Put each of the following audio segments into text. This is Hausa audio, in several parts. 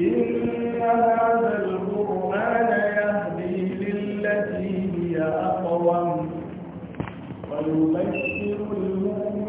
إن هذا القرآن يهدي للتي هي أقوم ويبشر المؤمنين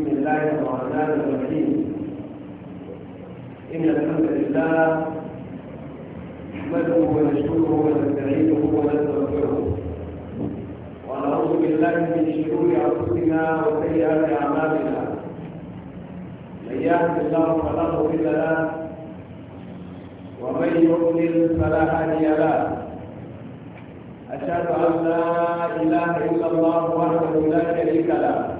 بسم الله الرحمن الرحيم إن الحمد لله نحمده ونشكره ونستعينه ونستغفره ونعوذ بالله من شرور أنفسنا وسيئات أعمالنا من يهد الله فلا مضل له ومن يضلل فلا هادي له أشهد أن لا إله إلا الله وحده لا شريك له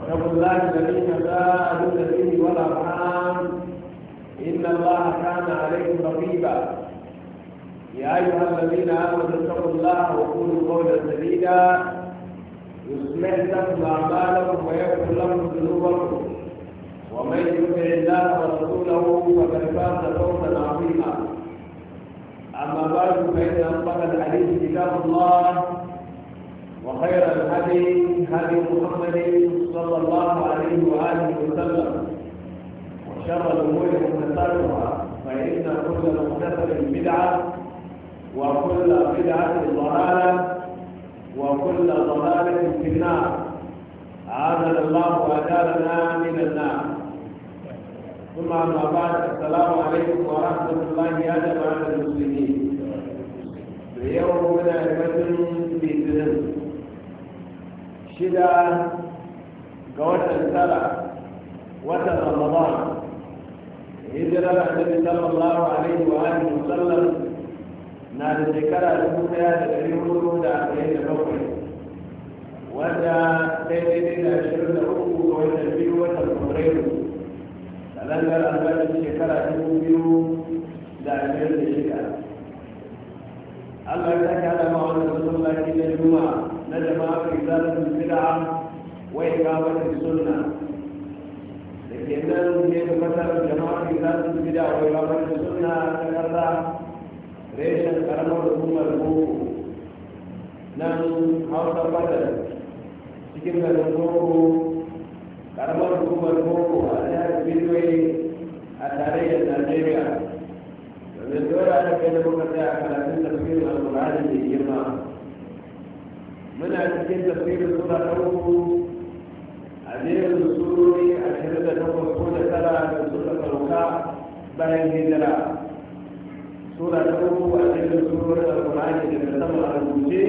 واتقوا الله الذي تساءلون به والارحام ان الله كان عليكم رقيبا يا ايها الذين امنوا اتقوا الله وقولوا قولا سديدا يصلح لكم اعمالكم ويغفر لكم ذنوبكم ومن يطع الله ورسوله فقد فاز فوزا عظيما اما بعد فان اصدق الحديث كتاب الله وخير الهدي هدي محمد صلى الله عليه واله وسلم وشر الامور محدثاتها فان كل محدثه بدعه وكل بدعه ضلاله وكل ضلاله في النار اعاذنا الله واجارنا من النار ثم اما بعد السلام عليكم ورحمه الله يا جماعه المسلمين اليوم هنا لمثل في ذنب shida ga watan tara watan ramadan hijira da annabi sallallahu alaihi wa alihi wa sallam na da shekara dubu daya da dari hudu da arba'in da bakwai wanda daidai da shirin da uku ga watan biyu watan fabrairu kalandar albashin shekara dubu biyu da ashirin da shida Allah ya sake ma wannan sunan lafiya juma'a نجمع في إزالة السلعة وإقامة السنة لكن هناك مثلا جماعة في إزالة السلعة وإقامة السنة تكرر ريش الكرم والأمة الأمور نحن حول البدر لكن الأمور كرم والأمة الأمور هذا الفيديو أتاريه الأجيبية من دور على كلمة المتاعة على سنة المعلم للجماعة muna cikin tafsirin sura ta uku a jerin surori ashirin da takwas ko da tara da suka sauka bayan hijira sura ta uku a jerin surorin alkur'ani da ta sama a rubuce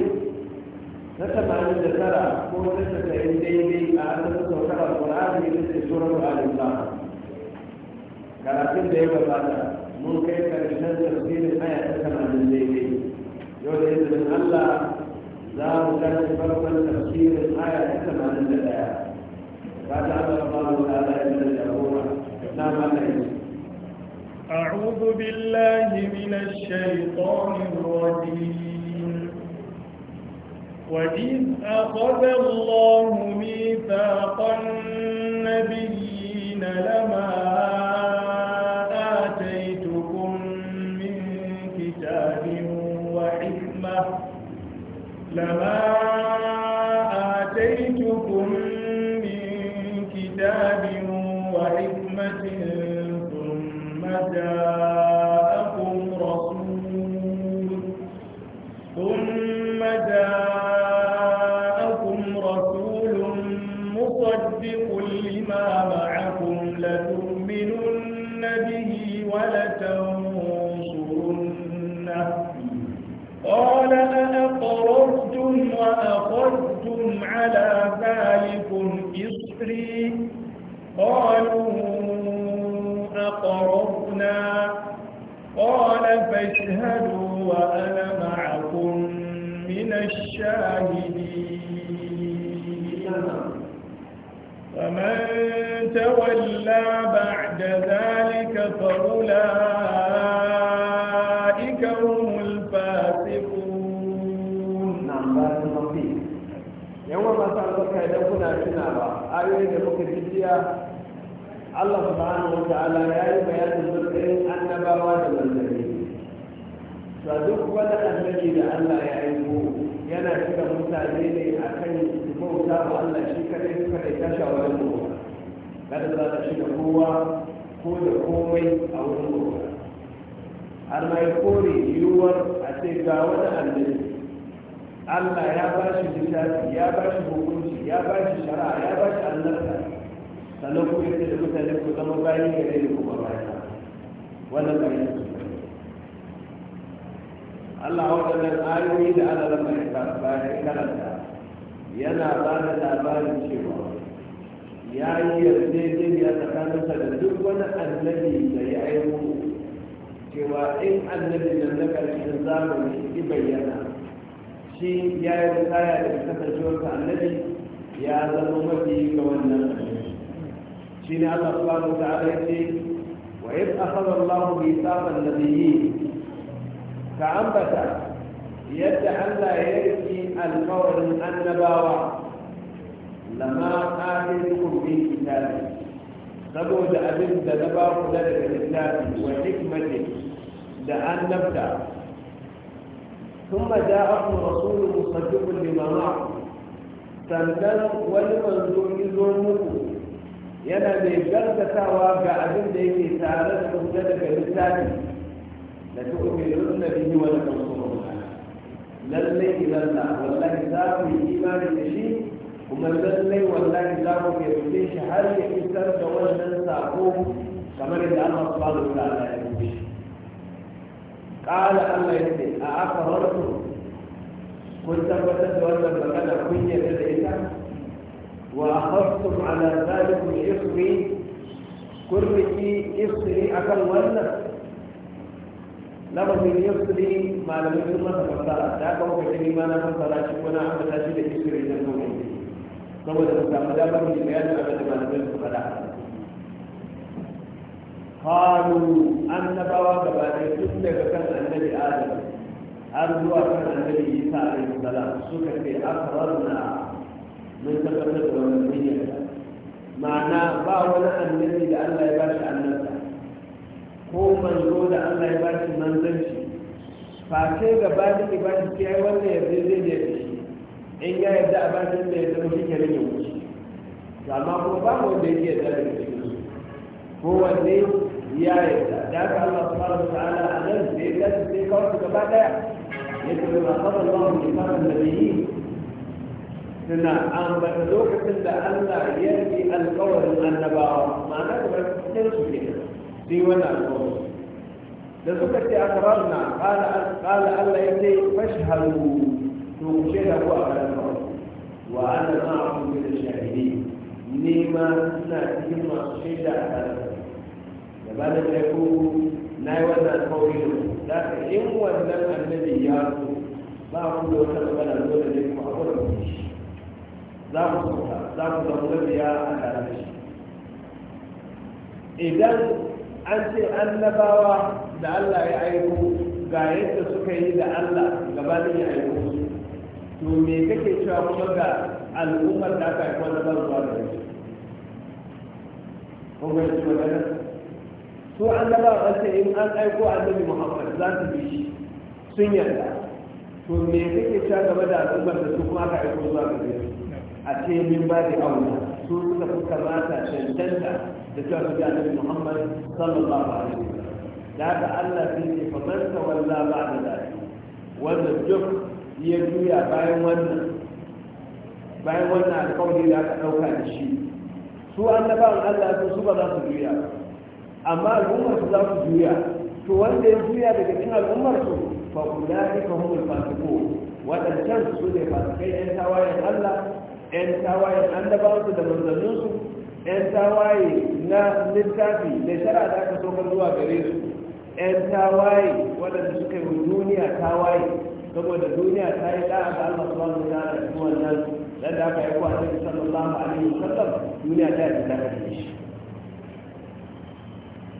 ta tamanin da tara ko ta tasa'in daidai a asalin saukar alkur'ani da ke surar al'imba karatun da ya gabata mun kai karshen tafsirin aya ta tamanin daidai yau da izinin allah لا مكان فرقا لتفسير الآية كما أنزل الآية بعد أن الله تعالى إلى الجبور نعم أعوذ بالله من الشيطان الرجيم وإذ أخذ الله ميثاق النبي Allah waɗannan ayoyi da ana lamar bayan karanta yana ba da labarin cewa ya yi yarjejeniya tsakaninsa da duk wani annabi da ya aiko cewa in annabi da na ƙarshen zamani shi bayyana shi ya yi tsaya da kasancewar annabi ya zama mafi ga wannan shi ne Allah subhanahu wa ta'ala ya ce wa yadda akhadha Allahu bi tsaban nabiyyin لا يتحلى القول ان باوع لما آتيتكم في كتابه سبوز أبن تنبى قدرك الإسلام وحكمته لأن نبدا ثم جاءكم رسول مصدق لما معه سندل ولمنزول يزورنكم ينبي جلسة واقع أبن ديكي سارتكم قدرك الإسلام لتؤمنن به ولتنصرنه lallai ilalla wallahi za ku yi imani da shi kuma lallai wallahi za ku yarda shi har ya isar da wannan sako kamar yadda Allah subhanahu wa ta'ala ya yi shi qala Allah yace a afarartu kun tabbatar da wannan magana kun yarda da ita wa akhaftum ala zalikum isri kun riki isri akan wannan su ne malamai sun masa fassara da aka muka gani ma na fassara shi kuna an ambata shi da isri na nuna saboda mu samu damar mu bayanin abin da malamai su fada faɗa qalu annabawa gaba ɗaya tun daga kan annabi adam har zuwa kan annabi isa alaihi salam suka ce akrarna mun tabbatar da wannan niyyar manzo da Allah ya ba shi manzanci ba sai gaba da ke ba shi sai wannan yarda zai je da shi in ya yarda a ba shi da ya zama shi kenan ya wuce amma ko ba mu da yake yarda da shi ko wanne ya yarda da ka Allah subhanahu wa ta'ala a nan da ya dace sai kawai gaba daya yake ba qala Allah li qala nabiyyi suna ambata lokacin da Allah ya yi alkawarin annabawa ma'ana da barkatar su ke sai wani alkawarin لذلك أقررنا قال قال ألا يدي فاشهدوا توشهدوا على الموت وأنا معكم من الشاهدين لما نأتيهم شهد على الموت لبعد أن يكون نايوانا الفوجين لكن إن وزنا الذي يارسوا ما أقول له وزنا بلا نزول لكم أقول لكم زعم سبحانه زعم سبحانه يا أهل المشي إذن أنت النبوة أن da Allah ya aiko ga yadda suka yi da Allah gaba da ya aiko su to me kake cewa kuma ga al'ummar da aka aiko da ba zuwa da shi kuma shi magana su da ba sai in an aiko annabi Muhammad za su bi shi sun yarda to me kake cewa gaba da al'ummar da su kuma aka aiko zuwa da shi a ce min ba da auna su suka fi rata cancanta da cewa su ga annabi Muhammad sallallahu alaihi wasallam daga Allah sai ce fa man tawalla ba da dai wanda duk ya juya bayan wannan bayan wannan alƙawari da aka ɗauka da shi su annabawan Allah su su ba za su juya amma al'ummar su za su juya to wanda ya juya daga cikin al'ummar su fa ka hukumar fasiko Waɗancan su ne fasikai ɗan tawayen Allah ɗan tawayen annabawan su da manzannin su tawaye na littafi da shara da aka so zuwa gare su 'yan tawaye waɗanda suka yi duniya tawaye saboda duniya ta yi da'a ga Allah subhanahu wa ta'ala cikin wannan dan da aka yi kuwa annabi sallallahu alaihi wasallam duniya ta yi da'a da shi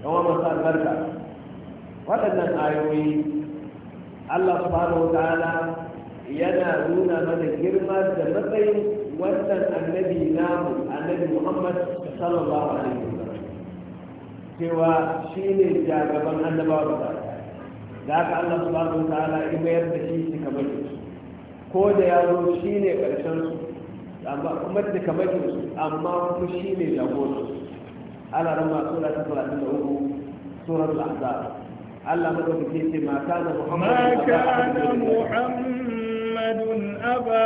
dan wa masa albarka waɗannan ayoyi Allah subhanahu wa ta'ala yana nuna mana girma da matsayin wannan annabi namu annabi Muhammad sallallahu alaihi wasallam cewa shi ne jagaban annabawa da da haka Allah subhanahu wa ta'ala ya mayar da shi shi kamar su ko da ya zo shi ne ƙarshen su amma kuma da kamar su amma kuma shi ne jagoran su ala rama sura ta 33 surar al-ahzab Allah madaukake ce ma kana Muhammadu ma kana Muhammadun aba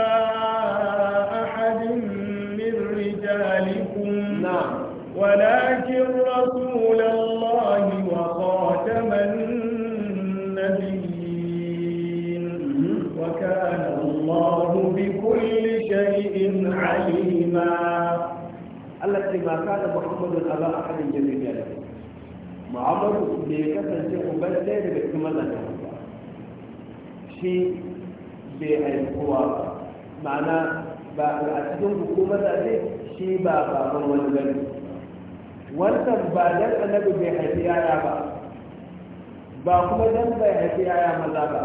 ahadin min rijalikum na'am ولكن رسول الله وخاتم النبيين وكان الله بكل شيء عليما التي ما كان محمد أبا أحد من رجاله معمر بيكسر شيء بل لا يكمل له شيء bai haifuwa ma'ana ba a cikin hukumar da shi ba baban wani gani wannan ba dan annabi bai haifi yaya ba ba kuma dan bai haifi yaya maza ba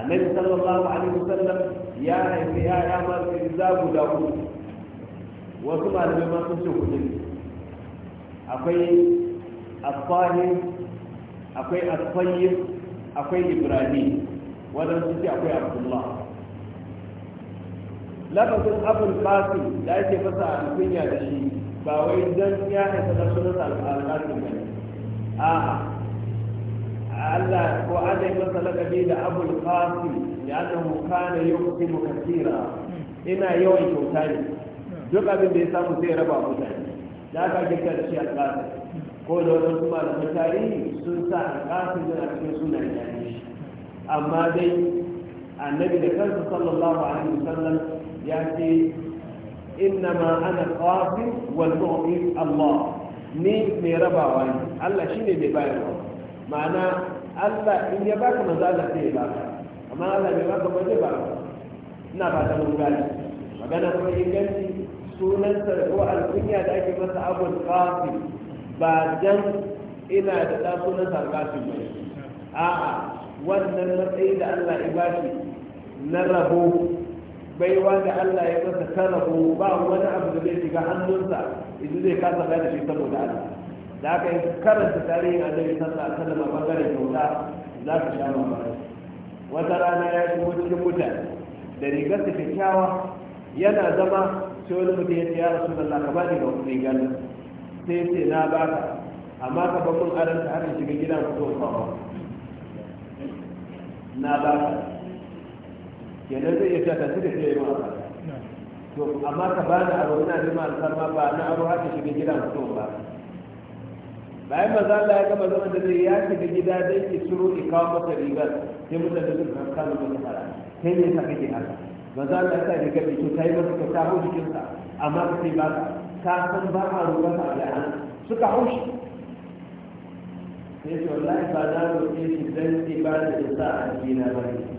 annabi sallallahu alaihi wasallam ya haifi yaya maza za guda uku wasu malamai ma sun ce hudu akwai asfahim akwai asfayyim akwai ibrahim waɗansu ce akwai abdullah lafazin abul qasim da ake fasa alkunya da shi ba wai don ya isa na sunan al'adun ne a'a Allah ko an yi masa lakabi da abul qasim ya annahu kana mu kathira ina yawan kyauta ne duk abin da ya samu zai raba mutane da aka gita da shi alƙasir ko da wani kuma da mutane sun sa alƙasir da a cikin suna yanayi shi amma dai annabi da kansa sallallahu alaihi wasallam ya ce إنما أنا القاسم والمعطي الله ni mai rabawa ne Allah shine mai bayarwa ma'ana Allah in ya baka manzo Allah sai ya baka amma Allah bai baka ba ina ba ta mun gani magana kuma inganci sunan ko alkunya da ake masa abun qasim ba dan ina da da sunan sarkasin ba a'a wannan matsayin da Allah ya bashi na rabo baiwa da Allah ya masa tarabo ba wani abu da zai shiga hannunsa idan zai kasa kai da shi saboda Allah da aka yi karanta tarihin annabi sallallahu alaihi wasallam bangaren kyauta za ka sha mamaki wata rana ya shigo cikin mutane da rigar ta kyakkyawa yana zama sai wani mutum ya ce ya rasu Allah ka bani ga rigar sai ce na ka amma ka ba mun aranta har shiga gidan ku ba na ba ka. kenan zai iya shata su da fiye yi ma'a to amma ka ba na aro ina zama alfarma ba na aro haka shiga gida mutum ba bayan maza Allah ya gama zaman da zai ya shiga gida dai ki suro ki kawo masa rigar sai da sun kan kano masa fara sai ne ka kake haka maza Allah ya sa rigar da kyau ta yi masa kyauta ko jikinsa amma ka sai ba ka san ba a ruwa ka da an suka haushi sai ce wallahi ba na roƙe shi dan ibada da sa a jina ba ne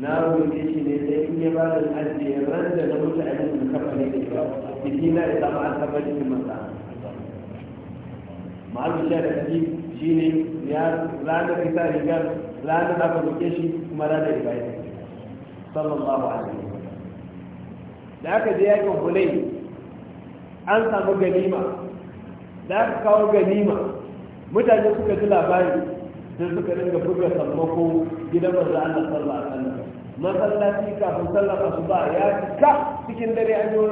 na roƙe shi ne da in ya bada ajiye ran da na mutu a yi da kafa ne da ba biki na ya zama an taɓa jikin masa ma'azu sha da kaji shi ne ya ranar isa rigar ranar aka roƙe shi kuma ranar ibaya sallallahu alaihi wa da aka je yakin hulai an samu ganima da aka kawo ganima mutane suka ji labari sai suka dinga buga sammako gidan manzo Allah sallallahu alaihi wasallam masallaci kafin sallar asuba ya cika cikin dare an yi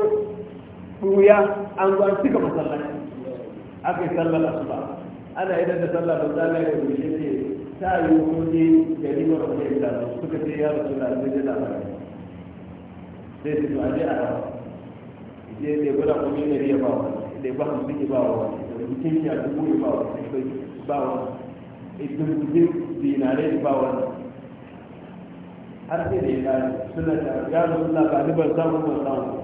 ɓuya an zuwa cika masallaci aka yi asuba ana idan da sallar da zala ya rushe ce ta yi kuje gari mara kuma ya suka ce ya rasu da zai da mara sai su aje a rawa je ne gudan kuma yi ne ba wa da ya ba su suke ba wa da mutum ya dubu ya ba wa ba wa da dinare ba wa har sai da ya gani suna da ya zo suna ba ni ban samu ban samu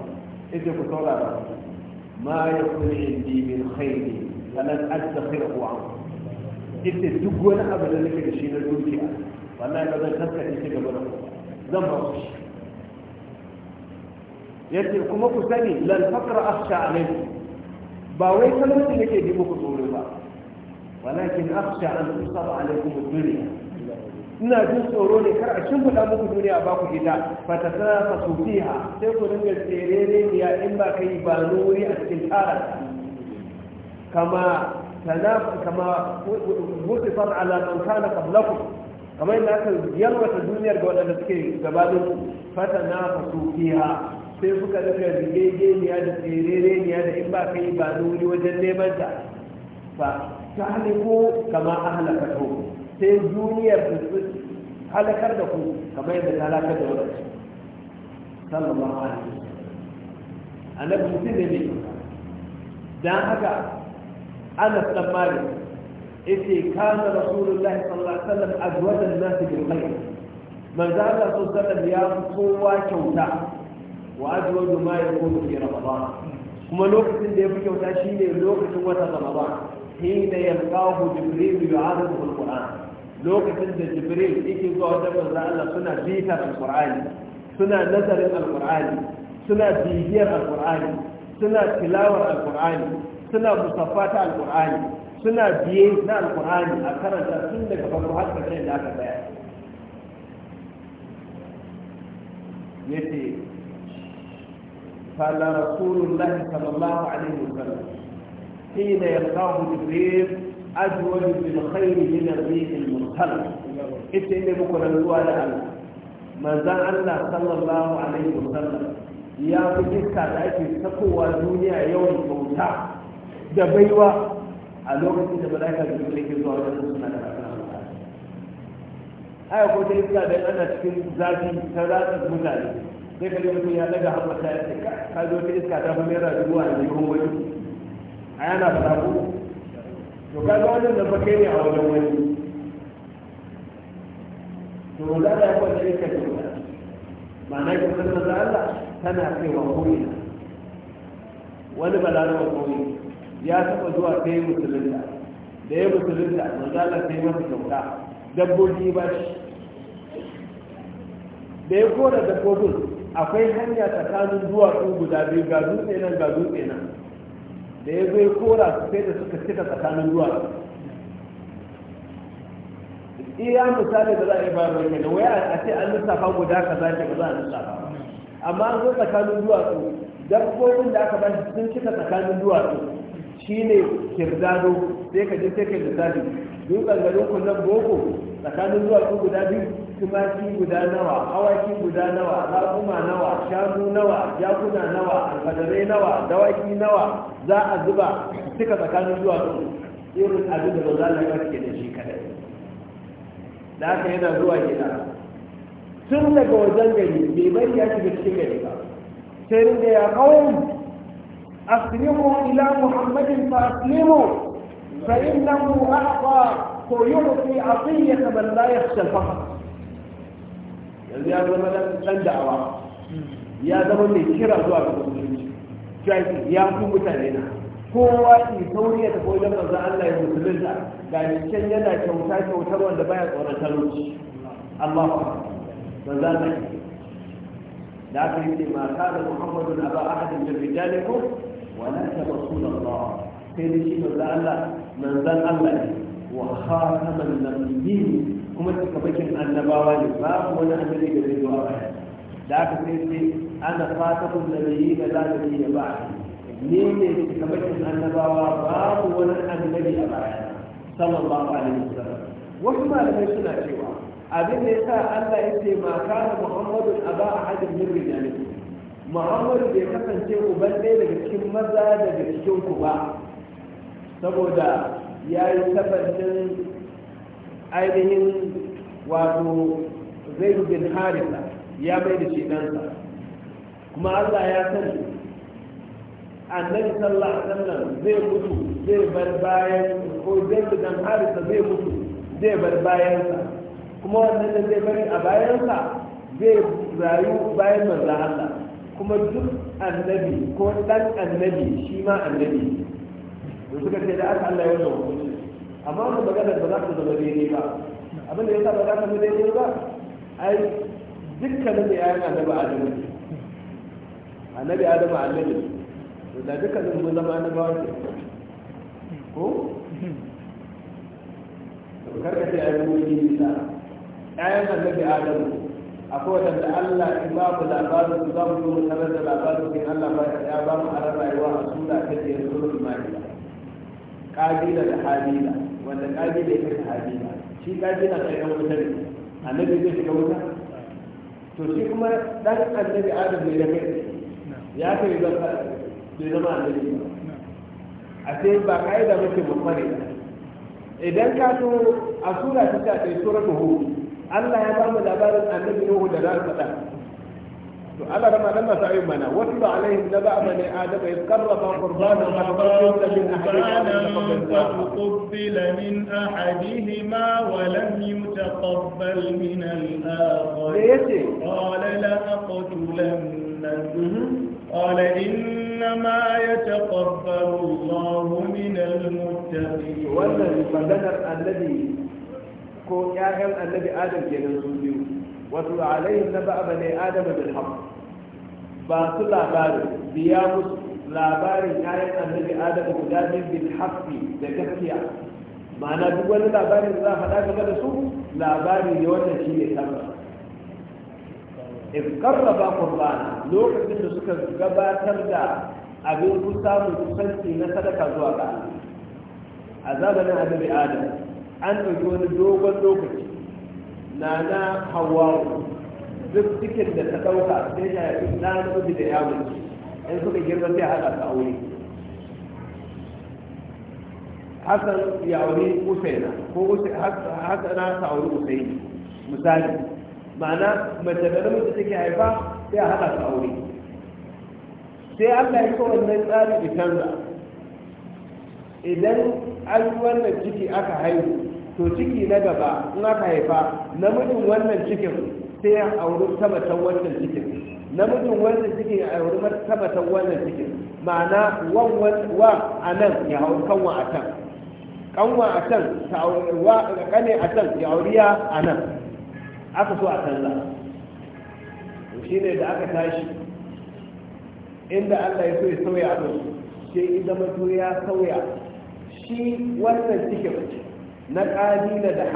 ita ku saurara ma ya kuma kuni indi min khairi sanan addakhira ku an ita duk wani abu da nake da shi na dukiya wallahi ba zan kaskace shi gaba da ku zan ba ku shi yace kuma ku sani lan faqra akhsha alaykum ba wai talauci nake ji muku tsoro ba walakin akhsha an tusaba alaykum ad-dunya ina jin tsoro ne kar a shimfiɗa muku duniya ba ku ita fa ta sana su fiha sai ku dinga ne ya in ba kai ba nuri a cikin tsara kama tanaf kama wutifan ala man kana qablakum kamar yadda aka yalwata duniyar ga waɗanda suke gabanin fata na fasu fiha sai suka daga rigegeniya da ya da in ba kai ba nuri wajen neman ta fa ta haliko kama ahalaka to sai duniyar su halakar da ku kamar yadda ta halakar da wadansu sallallahu alaihi annabi mutum ne mai dan haka Anas dan Malik yace kana rasulullahi sallallahu alaihi wasallam azwajan nas bil khair manzo Allah sallallahu alaihi wasallam ya kowa kyauta wa azwaju ma yakunu fi ramadan kuma lokacin da ya fi kyauta shine lokacin watan ramadan hina yalqahu jibril yu'aridu al-qur'an lokacin da jibril yake zuwa wajen manzo Allah suna bitar alqur'ani suna nazarin alqur'ani suna bibiyar alqur'ani suna tilawar alqur'ani suna musaffata alqur'ani suna biye na alqur'ani a karanta tun daga farko har ƙarshe da aka tsaya yace قال رسول الله صلى الله عليه وسلم حين يلقاه جبريل أجود بالخير من الريح المرسل إنت إني بكرة الوالد الله ما زال الله صلى da ake sakowa duniya yawan bauta da baiwa a lokacin da mala'ika da duk ana cikin zafi ta ratsa mutane sai ya daga hammata ya iska ta fi wani yana fara to kaga wannan da bakai ne a wajen wani to za ta yi kwanta ita ce ba ma'ana ki san maza Allah tana kaiwa ko'ina wani balarawa ko'ina ya taɓa zuwa sai musulunta da ya musulunta maza Allah sai masa kyauta dabbobi ba shi da ya kora dabbobin akwai hanya tsakanin duwatsu guda biyu ga dutse nan ga dutse nan da ya zai kora su sai da suka cika tsakanin duwatsu iya misali da za a yi ba ruwan da wai a ce an lissafa guda ka za ba za a lissafa amma an zo tsakanin duwatsu dabbobin da aka bashi sun cika tsakanin duwatsu shine kirdado sai ka je sai ka lissafi dutsen garin kullum boko tsakanin duwatsu guda biyu tumaki guda nawa awaki guda nawa raƙuma nawa shanu nawa jakuna nawa alfadarai nawa dawaki nawa za a zuba suka tsakanin zuwa su irin abin da ba za a ke da shi kadai da haka yana zuwa gida tun daga wajen gari bai bari ya shiga cikin gari ba sai rinda ya kawai aslimu ila muhammadin fa aslimu fa innahu ahqa ko yu'ti atiyata man la yakhsha al-fahr yanzu ya zama dan da'awa ya zama mai kira zuwa ga musulunci shi ya fi mutane na kowa ke sauri ya tafi wajen manzo Allah ya musulun da ga can yana kyauta kyautar wanda baya tsoron talauci Allahu akbar manzo Allah da aka yi ma kana Muhammadun aba ahadin min rijalikum wa la tabasuna Allah sai da shi manzo Allah manzon Allah ne wa khataman biyu. kuma bakin annabawa ne babu wani annabi da zai zuwa baya da aka sai sai ana fata kun da yi da za ta yi ba ne ne bakin annabawa ba babu wani annabi a baya sallallahu alaihi wasallam wasu malamai suna cewa abin da sa Allah ya ce ma Muhammadu kana Muhammadun aba ahadin min rijalikum Muhammadu bai kasance uban ɗaya daga cikin maza daga cikin ku ba saboda ya yi tabbacin ainihin wato zai bin harisa ya mai da shi ɗansa kuma allah ya sani annabi sallallahu alaihi wasallam zai mutu zai bar bayan ko zai bin harisa zai mutu zai bar bayansa kuma wannan da zai bari a bayansa zai rayu bayan manzan allah kuma duk annabi ko ɗan annabi shi ma annabi da suka ce da aka allah ya wannan hukunci amma wannan maganar ba za ta zama daidai ba abin da ya sa ba za ta zama daidai ba ai dukkanin da yayan annabi adamu ne annabi adamu annabi ne da dukkanin mu zama annabawa ne ko karka ce ai mu yi nisa yayan annabi adamu akwai wadanda Allah ya ba mu labarin su za mu zo mu tarar da labarin in Allah ba ya ba mu a rayuwa a suna ta jiyar sunan Isma'ila kabila da habila wanda kabila ya kashe habila shi kabila sai dan wuta ne annabi zai shiga wuta to shi kuma dan annabi adam ne da kai ya kai zan bai zama annabi ba a sai ba ka'ida mace mummare idan ka so a sura ta ta sai sura nuhu Allah ya ba mu labarin annabi Nuhu da za faɗa to Allah rama nan masa ayyuka mana wasu ba alaihim na ba bani adama ya karraba qurbana fa qurrata min ahlihi تقبل من أحدهما ولم يتقبل من الآخر قال لأقتلنك قال إنما يتقبل الله من المتقين والذي بدنر الذي ko ƴaƴan annabi adam kenan su biyu wasu alayhim na ba'a bane adam bil ba su labarin biya labarin yi annabi adam guda biyu bil da gaskiya ma'ana duk wani labarin da za a faɗa game da su labari ne wannan shi ne tabbas in karraba qurbana lokacin da suka gabatar da abin ku samu kusanci na sadaka zuwa ga a zamanin annabi adam an ɗauki wani dogon lokaci na na hawa duk cikin da ta ɗauka sai ya yi ɗan da ya in suka girma sai haɗa su aure hasan ya aure usaina ko hasana ta aure usaini misali ma'ana mace da namiji take haifa sai a haɗa su aure sai allah ya wannan tsarin ya canza idan an wannan ciki aka haihu to ciki na gaba in aka haifa namijin wannan cikin sai ya auri ta macen wannan cikin namijin wanda cikin a wani martaba ta wannan cikin ma'ana wan wa a nan ya hau kanwa a can kanwa a can ta wa kane a can ya auriya a nan aka so a canza shi ne da aka tashi inda Allah ya so ya sauya nan, sai in zama to ya sauya shi wannan cikin na ƙadina da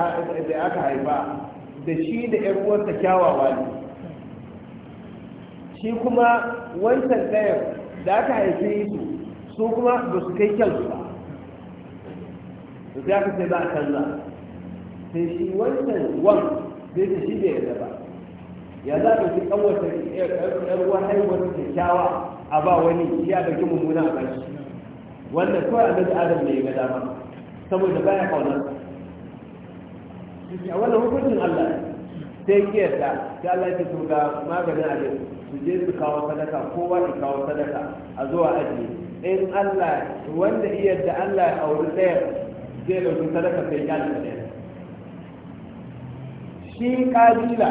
aka haifa da shi da ƴan uwarsa kyawawa ne shi kuma wancan ɗayan da aka haife su su kuma ba su kai kyau ba sai aka sai ba a canza sai shi wancan wan zai ta shi bai yarda ba ya za a fi haihuwar kyakkyawa a ba wani ya bakin mummuna a bashi wannan kawai annabi adam ne ya ga dama saboda baya kaunar a wannan hukuncin Allah ne. sai kiyarta sai Allah ya ga maganin abin su je su kawo sadaka kowa su kawo sadaka a zuwa aji in Allah wanda iya da Allah a auri ɗaya zai ɗauki sadaka sai ya da ɗaya shi kabila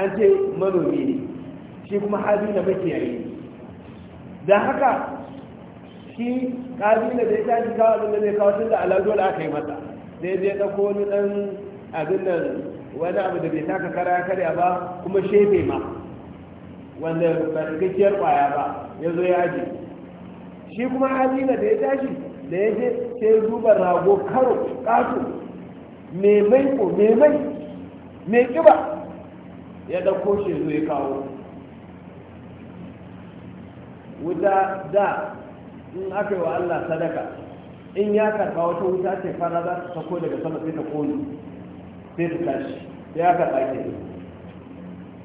an ce manomi ne shi kuma habila makiyayi da haka shi kabila da ya tashi kawo abin da zai kawo tun da al'adu da aka yi masa sai zai ɗauko wani ɗan abin nan wani abu da bai taka kara karya ba kuma shefe ma wanda ba cikakkiyar kwaya ba ya zo ya aji shi kuma Amina da ya tashi da ya je sai duba rago karo kato mai mai ko mai mai mai kiba ya dauko shi zo ya kawo wuta da in aka yi wa Allah sadaka in ya karba wata wuta ce fara za ta sako daga sama sai ta kone sai su tashi sai haka tsake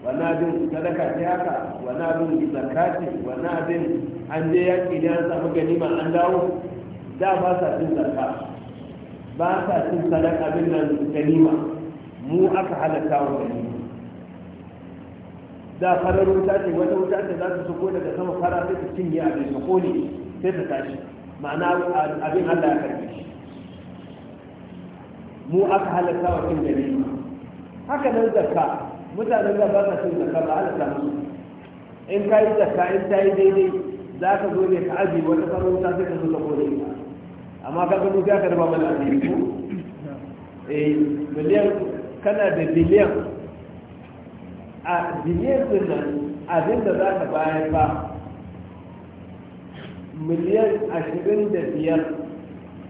wani abin sadaka sai haka wani abin zakati wani abin an je yaƙi ne an samu ganima an dawo da ba sa cin zakka ba sa cin sadaka abin nan ganima mu aka halatta wa ganima da farar wuta ce wata wuta ce za su shigo daga sama fara sai su cinye abin ta kone sai ta tashi ma'ana abin allah ya karbe shi mu aka halatta wa cin gari haka nan zakka mutanen da ba sa cin zakka ba halatta musu in ka yi zakka in ta yi daidai za ka zo ne ka aji wata sarauta sai ka zo ka kore amma ka ga duka ka raba mana abin ko eh miliyan kana da biliyan a biliyan din nan abin da za ka bayar ba miliyan ashirin da biyar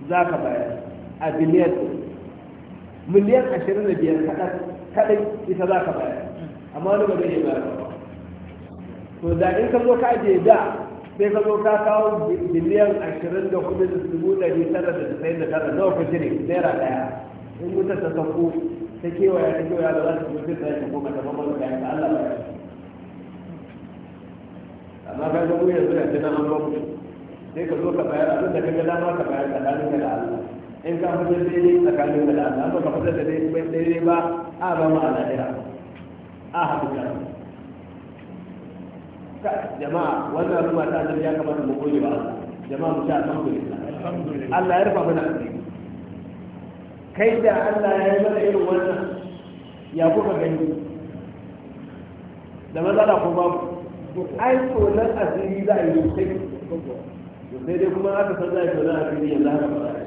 za ka bayar a biliyan din miliyan ashirin da biyar kaɗai ita za ka bayar amma wani ba zai yi bayar to da in ka zo ka je da sai ka zo ka kawo miliyan ashirin da hudu da dubu ɗari tara da tasa'in da tara nawa ku jire naira ɗaya in wuta ta sauko ta kewaya ta kewaya da za ta mutu ta yi ko ka taɓa mana ka Allah ba ya amma ka ga mu yanzu yanzu na an ba sai ka zo ka bayar abin da ka ga dama ka bayar ka da Allah in ka fitar daidai tsakanin da Allah an baka fitar da daidai ba a ba ma ala ira a haɗu ka jama'a wannan ruma ta zai ya kamata mu goye ba jama'a mu sha alhamdulillah Allah ya rufa mana asiri kai da Allah ya yi mana irin wannan ya kuka gani da maza da kuma ai nan asiri za a yi sosai sai dai kuma aka san za a yi nan asiri yanzu haka ba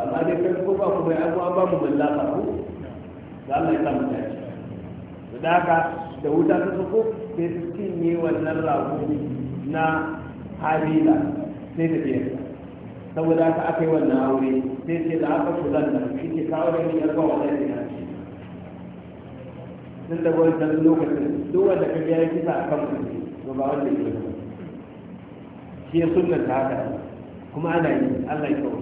amma dai kan ko ba ku bai an ba mu balla ka ku da Allah ya sa mu dace da haka da wuta ta sako sai su cinye wannan rago na habila sai da biyar saboda haka aka yi wannan aure sai ce da aka ku zan nan shi ke kawo da ni yarba wa zai na shi tun da wannan lokacin duk wanda ka biya kisa a kan mutum ba wanda ya yi shi ya sunanta haka kuma ana yi Allah ya kawo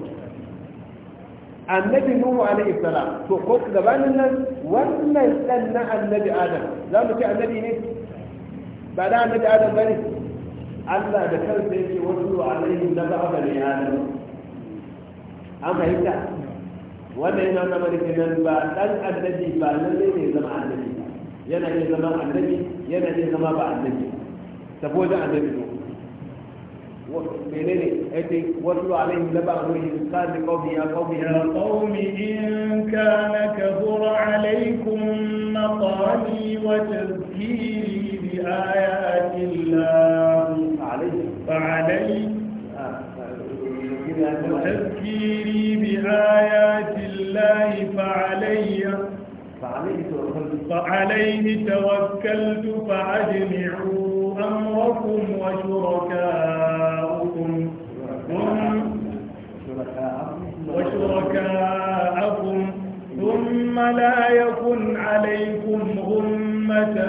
annabi nuhu alaihi salam to ko gabanin nan wannan dan na annabi adam za mu ce annabi ne ba da annabi adam bane Allah da kansa yake wasu alaihi na ba ba ne adam an fahimta wannan yana nuna mana kenan ba dan annabi ba lalle ne zama annabi yana iya zama annabi yana iya zama ba annabi saboda annabi ne واتلو عليهم نبأ وجه قال لقومه يا قوم يا قوم إن كان كبر عليكم مقامي وتذكيري بآيات الله فعلي آه، وتذكيري بآيات الله فعلي فعليه توكلت فأجمعوا أمركم وشركاء شركاءكم ثم لا يكن عليكم غمة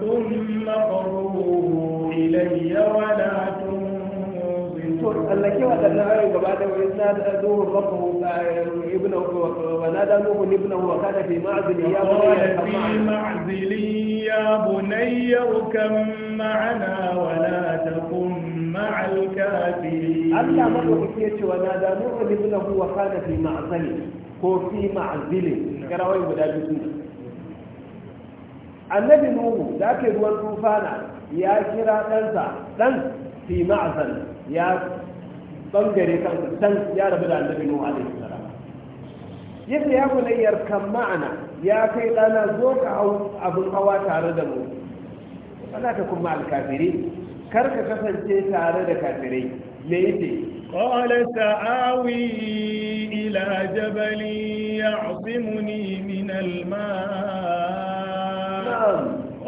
ثم قروا إلي ولا to tsallake waɗannan ayoyi gaba da wani na da zuwa babu ibn wa na da nuhu ibn wa kada fi ma'zili ya bunayya fi ma'zili ya bunayya kam ma'ana wa la takum ma'al kafirin Allah madaukaki yace wa da nuhu ibn wa kada fi ma'zili ko fi ma'zili garawai guda biyu annabi nuhu da ke ruwan tufana ya kira ɗansa ɗan fi ma'azan ya bangare kan can ya rabu da annabi nuhu alaihi salam yace ya bunayyar kan ma'ana ya kai dana zo ka hau abin hawa tare da mu wala ta kuma alkafiri kar ka kasance tare da kafirai me yace qala ta'awi ila jabali ya'simuni min al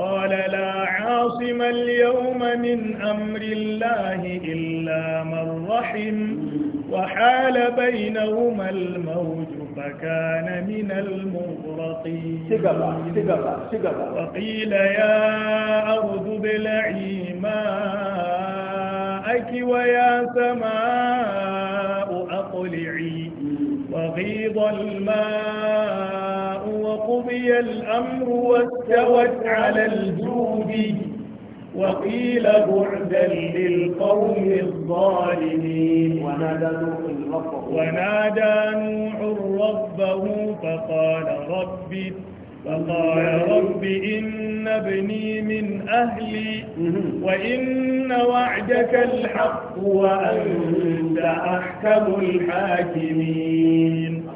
قال لا عاصم اليوم من أمر الله إلا من رحم وحال بينهما الموج فكان من المغرقين وقيل يا أرض ابلعي ماءك ويا سماء أقلعي وغيض الماء قضي الأمر واستوت على الجود وقيل بعدا للقوم الظالمين ونادى نوح ربه ونادى نوح ربه فقال رب فقال رب إن ابني من أهلي وإن وعدك الحق وأنت أحكم الحاكمين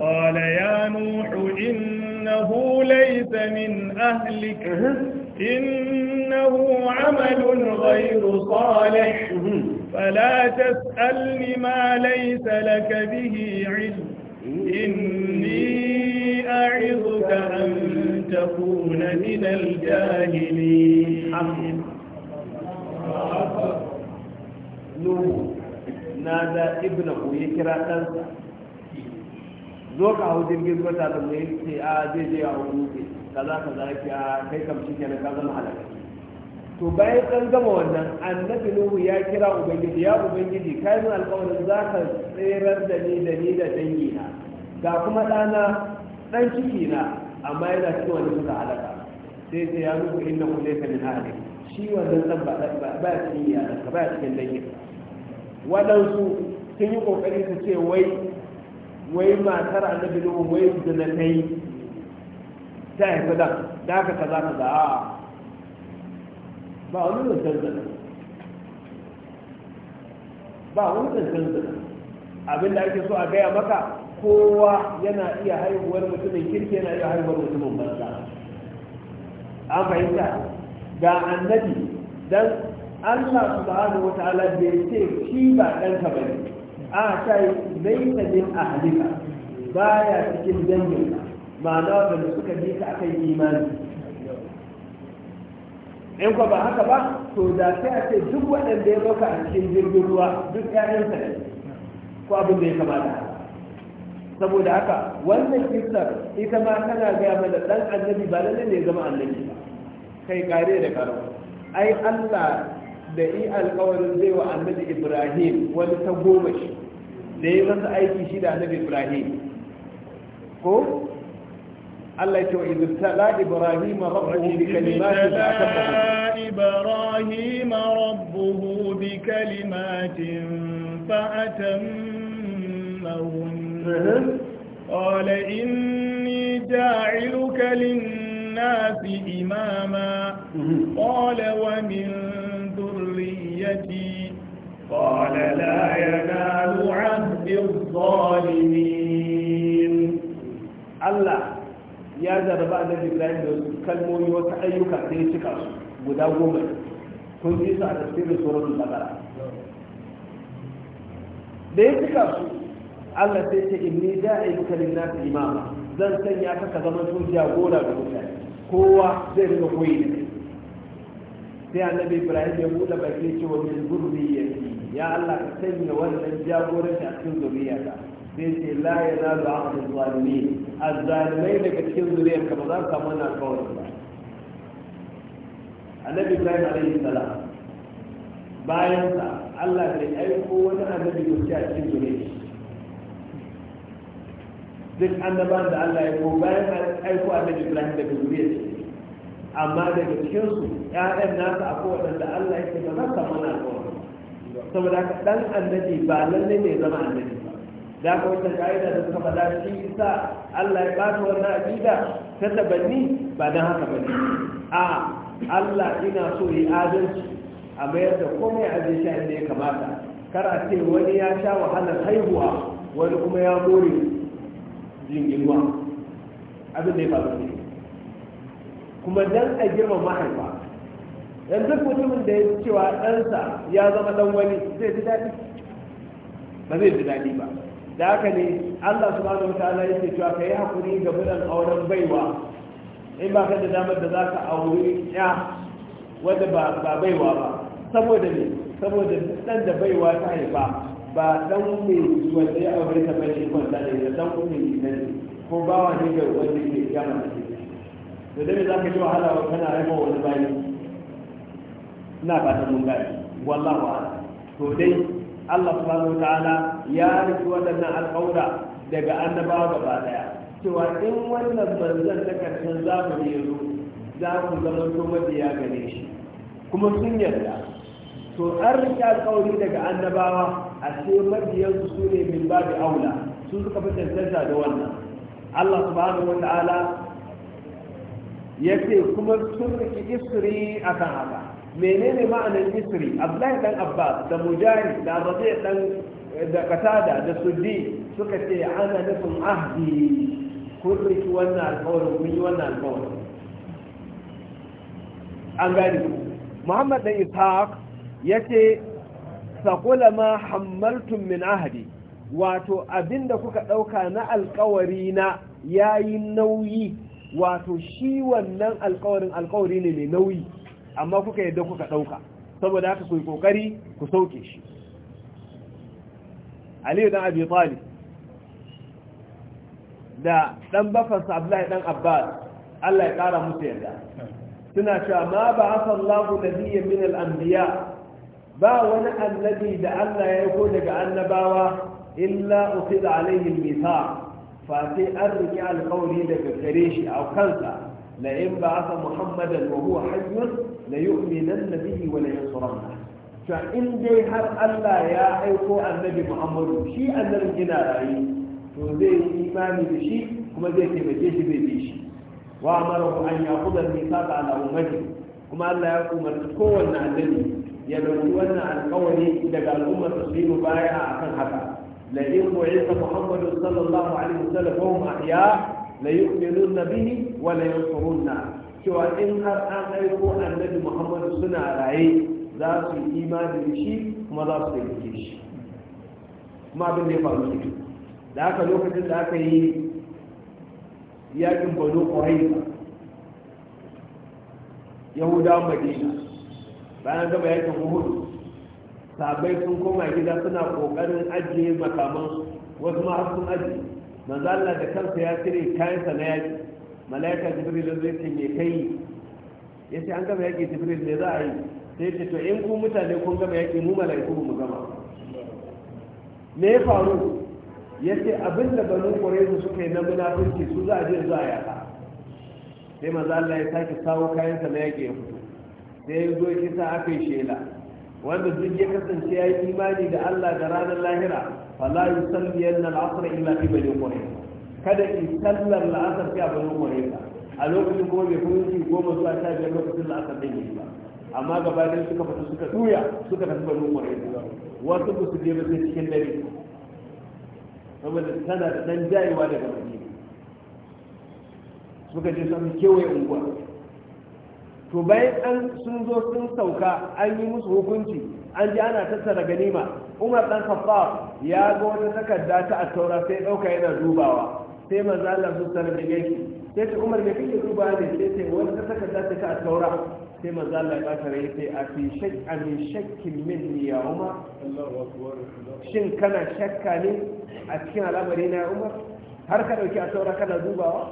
قال يا نوح إنه ليس من أهلك إنه عمل غير صالح فلا تسألني ما ليس لك به علم إني أعظك أن تكون من الجاهلين نوح نادى ابنه يكرا zo ka hau jirgin ruwa ta zama ya ce a zai je a wani ne kaza kaza ya ce a kai kam shi kenan ka zama halaka to bayan an gama wannan annabi nuhu ya kira ubangiji ya ubangiji kai mun alƙawarin za ka tserar da ni da ni da dangi na ga kuma ɗana ɗan ciki na amma yana cikin wani suka halaka sai sai ya nuhu inna ku laysa na ahli shi wannan ɗan ba ba cikin iyalanka ba cikin dangi waɗansu sun yi ƙoƙari su ce wai wai matar annabi nuhu wai zina ta yi ta haifi da da haka kaza kaza a ba wani zancen zina ba wani zancen zina abin da ake so a gaya maka kowa yana iya haihuwar mutumin kirki yana iya haihuwar mutumin banza an fahimta ga annabi dan Allah subhanahu wa ta'ala bai ce shi ba ɗanka ba ne a ta yi a min ahlika baya cikin dangin na da suka bi ka akan imani in ba haka ba to da sai a duk waɗanda ya bauka a cikin jirgin ruwa duk ƴaƴansa ne ko abin da ya kamata saboda haka wannan kisar ita ma tana gaya mana ɗan annabi ba lallai ne zama annabi ba kai kare da karo ai Allah da yi alkawarin zai wa annabi Ibrahim wani ta goma da yi masa aiki shi da annabi ibrahim ko Allah ya ce wa la ibrahim rabbuhu bi kalimatin fa atamma ibrahim rabbuhu bi kalimatin fa atammahum qala inni ja'iluka lin-nasi imama qala wa min قال لا ينال عهد الظالمين الله ya jarraba annabi ibrahim da kalmomi wasu ayyuka sai ya cika su guda goma kun ji su a tafsirin da ya cika su Allah imama zan sanya ka ka zama su jagora da mutane kowa zai rika koyi da sai annabi ibrahim ya buɗe baki ya ce wa min zurriyyati ya Allah ka sanya wannan jagoranci a cikin zuriyata sai ce la ya na da ahdin zalimi azzalimai daga cikin zuriyar ka ba za ka mana kawai ba annabi ibrahim alaihi salam bayan sa Allah bai aiko wani annabi da a cikin zuriyar duk annaban da Allah ya ko bayan aiko annabi ibrahim daga zuriyar amma daga cikin su ƴaƴan nasa akwai waɗanda Allah ya ce ba za ka mana kawai saboda ka dan annabi ba lalle ne zama annabi da ka wata ka'ida da suka faɗa shi isa Allah ya bata wannan aqida ta tabanni ba dan haka ba ne a Allah ina so yi adalci a mayar da komai a zai sha inda ya kamata kar a ce wani ya sha wahalar haihuwa wani kuma ya more jingirwa abin da ya faru ne kuma dan a girma mahaifa yanzu mutumin da ya cewa ɗansa ya zama ɗan wani zai ji daɗi ba zai ji daɗi ba da haka ne Allah subhanahu wa ta'ala yake cewa ka yi hakuri ga budan auren baiwa in ba ka da damar da za ka auri ya wadda ba baiwa ba saboda ne saboda ɗan da baiwa ta haifa ba ɗan mai wanda ya aure ta bai shi kwanta ne da ɗan kuma ne ne ko bawa ne ga wanda ke gama da shi to za ka ji wahala kana haifa wani bayan ina fatan mun gane wallahu a'lam to dai Allah subhanahu wataala ya rufe waɗannan alƙawura daga annabawa gaba daya cewa in wannan manzon na karshen mu yi zo za ku zama to ya gane shi kuma sun yarda to an rike alƙawari daga annabawa a ce mabiyansu su ne min babu aula su suka fi cancanta da wannan Allah subhanahu wataala ya ce kuma sun rike isri akan haka menene ma'anar isri abdullahi dan abbas da mujahid da rabi dan da katada da suddi suka ce ana nufin ahdi kun riki wannan alkawarin kun yi wannan alkawarin an gani muhammad dan ishaq ya ce sakula ma hammaltun min ahadi wato abinda kuka ɗauka na alkawari na yayi nauyi wato shi wannan alkawarin alkawari ne mai nauyi amma kuka yadda kuka ɗauka saboda haka ku yi ƙoƙari ku sauke shi aliyu dan abi tsali da ɗan bafansa abdullahi ɗan abbas allah ya ƙara musu yadda suna cewa ma ba haka allahu nabiyyan min al'ambiya ba wani annabi da allah ya ko daga annabawa illa ku alayhi al-mithaq fa sai an riƙe alƙawari daga gare shi a kansa لئن بعث محمدا وهو حي ليؤمنن به ولينصرنه فإن دي هر ألا يا أيكو النبي محمد شيء النبي جنا رأي فزي إيماني بشيء كما زي تبجيش بشيء وأمره أن يأخذ الميثاق على أمته كما ألا يقوم الكوة النبي يبدون القول لدى الأمة تصير بايعة عن حتى لئن بعث محمد صلى الله عليه وسلم فهم أحياء la yu'minuna bihi wa la yansurunna cewa in har an aiko annabi Muhammad suna raye za su yi imani shi kuma za su yi shi kuma abin da ya faru shi da aka lokacin da aka yi yakin Bano Quraiza yahuda Madina bayan gaba yakin hudu sabai sun koma gida suna kokarin ajiye makaman wasu ma har sun ajiye manzo Allah da kansa ya cire kayansa na yaki malaika jibril zai ce me kai ce an gama yaki jibril ne za a yi sai ce to in ku mutane kun gama yaki mu malaiku mu gama me ya faru abin da banu su suka yi na munafurci su za a je za a yaka sai manzo Allah ya sake kawo kayansa na yaki ya fito sai ya zo kisa aka yi shela wanda duk ya kasance ya yi imani da Allah da ranar lahira fala yusalli yanna al-asr illa fi bani qurayza kada in sallar al-asr fi bani qurayza a lokacin kuma bai kuma yi goma zuwa sha biyar lokacin al-asr din yi ba amma gaba ɗaya suka fita suka tuya suka tafi bani qurayza wasu ba su je ba sai cikin dare saboda tana da dan jayewa daga madina suka je sun kewaye unguwa to bayan an sun zo sun sauka an yi musu hukunci an ji ana tattara ganima umar dan khattab ya ga wata takarda ta attaura sai dauka yana dubawa sai manzo Allah su sanar da yake sai ta umar da kake duba ne sai sai ta takarda ta attaura sai manzo Allah ya bata rai sai a fi shak shakkin min shakkin ya umar shin kana shakka ne a cikin al'amari na umar har ka dauki attaura kana dubawa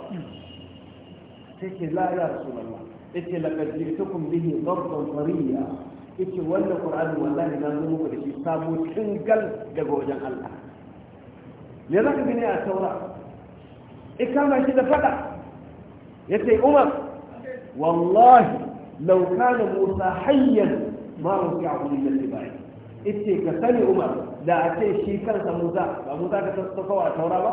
sai ke la ya rasulullah yace laqad jitukum bihi dhabtan fariya yace wannan qur'ani wallahi na zo muku da shi sabo tingal daga wajen Allah me zaka gani a taura ikama shi da fada yace umar wallahi law kana musa hayyan ma rufi'ahu min al-jibal yace ka sani umar da a ce shi kansa musa ba musa ka tattafa a taura ba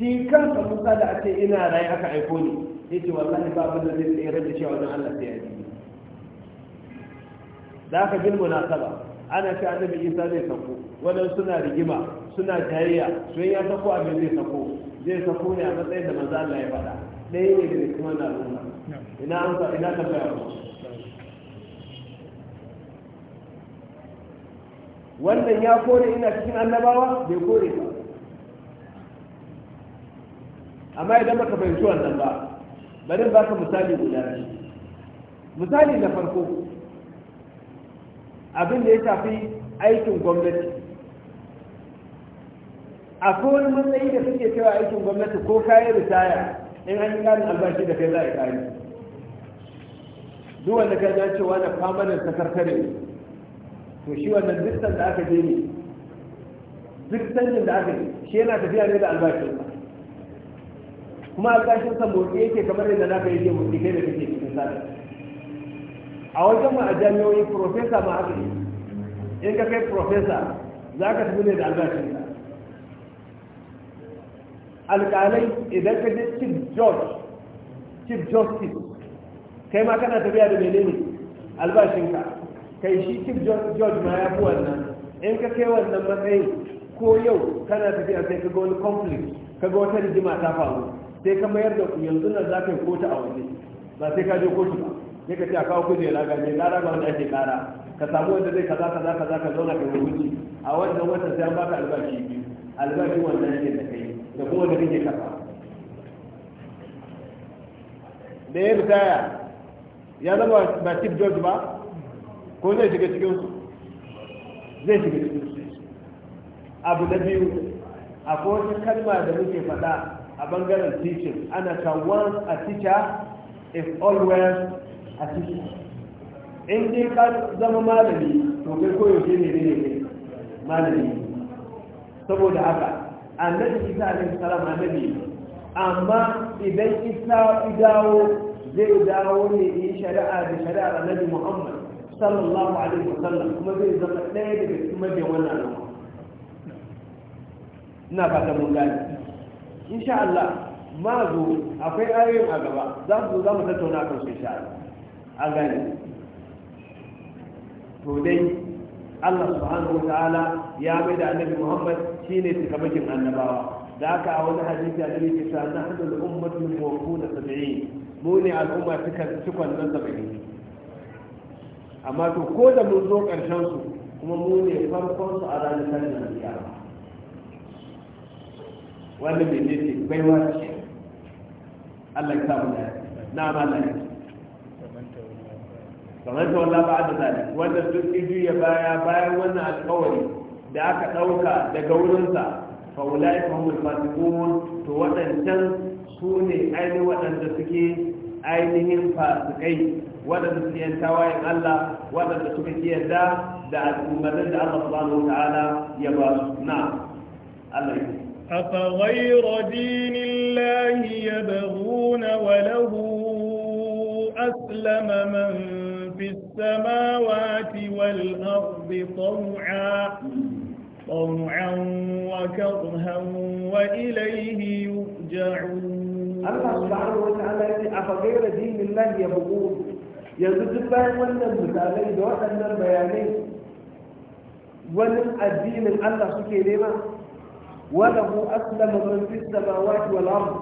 shi kansa musa da a ce ina rai aka aiko ni ce wallahi ba abin da zai tsere da cewa wajen Allah sai ya yi Za ka bil munasaba ana ce annabi Isa zai sako wadanda suna rigima suna jayayya su ya sako abin zai sako zai sako ne a matsayin da manzo Allah ya faɗa ɗaya ne da kuma na al'umma ina sa ina tabbaya ku wannan ya kore ina cikin annabawa bai kore ba amma idan baka fahimci wannan ba bari baka misali guda shi misali na farko abin da ya shafi aikin gwamnati a kowane matsayi da suke cewa aikin gwamnati ko kayan ritaya in an yi karin albashi da kai za a yi duk wanda ka jan cewa da famanin sakarkare to shi wannan duk da aka je ne duk sanjin da aka yi shi yana tafiya ne da albashin kuma alƙashin sa motsi yake kamar yadda naka yake motsi kai da kake cikin sa a wajen mu a jami'o'i profesa ma haka in ka kai profesa za ka tafi ne da albashin ka alƙalai idan ka je chief judge chief justice kai ma kana tafiya da menene albashinka kai shi chief judge ma ya fi wannan in ka kai wannan matsayin ko yau kana tafiya sai ka ga wani conflict ka ga wata rigima ta faru sai ka mayar da yanzu nan za ka yi kotu a waje ba sai ka je kotu ba sai ka ce a kawo kujera ga mai kara ga wanda ake kara ka samu wanda zai kaza kaza kaza ka zauna ka yi a wannan watan sai an baka albashi biyu albashi wannan yake da kai da kuma da kake kafa da ya ritaya ya zama ba chief Jos ba ko zai shiga cikin su zai shiga cikin su abu na biyu akwai wata kalma da muke faɗa a bangaren teaching ana ta once a teacher is always a teacher in dai ka zama malami to kai koyaushe ne ne ne malami saboda haka annabi isa alaihi salam annabi amma idan isa dawo zai dawo ne yi shari'a da shari'ar annabi muhammad sallallahu alaihi wasallam kuma zai zama ɗaya daga cikin mabiyan wannan na ina fata mun gani. insha Allah ma zo akwai ayoyin a gaba za mu za mu tattauna kan su insha Allah an gane to dai Allah subhanahu ta'ala ya mai da annabi Muhammad shine tukamakin annabawa da aka a wani hadisi a cikin ke na na hadin ummatin wa kuna sabi'i mu ne al'umma cikon nan sabi'i amma to ko da mun zo ƙarshen su kuma mu ne farkon su a ranar tashin kiyama wani mai ne ce baiwa ce Allah ya samu da na amana ne kamar ta wallah ba'ad zalik wanda duk iju ya baya bayan wannan alƙawari da aka ɗauka daga wurinsa fa ulai fa humul fasiqun to waɗancan su ne ainihin waɗanda suke ainihin fasikai waɗanda suke yan tawayen Allah waɗanda suka yarda da al'ummarin da Allah subhanahu wa ta'ala ya ba su na Allah ya أفغير دين الله يبغون وله أسلم من في السماوات والأرض طوعا طوعا وكرها وإليه يرجعون الله سبحانه وتعالى أفغير دين الله يبغون yanzu duk bayan wannan misalai da waɗannan bayanai wani addinin Allah suke nema وله أسلم من في السماوات والأرض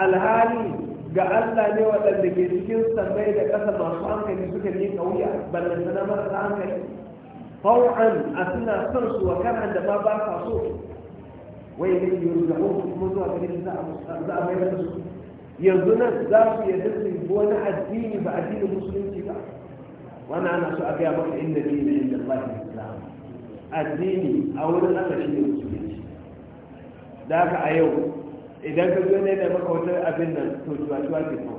الهالي ga Allah ne waɗanda ke cikin sammai da ƙasa masu hankali suka ne kauya ballantana marasa hankali taw'an a suna son su wa da ma ba sa so wai ne yi da kuma zuwa gare za a mai da su yanzu nan za su yarda su yi wani addini ba addinin musulunci ba wani ana so a gaya maka inda ne da ba ke islam addini a wurin aka shi ne musulunci da haka a yau idan ka zo ne da maka wata abin nan to cuwa-cuwa ke so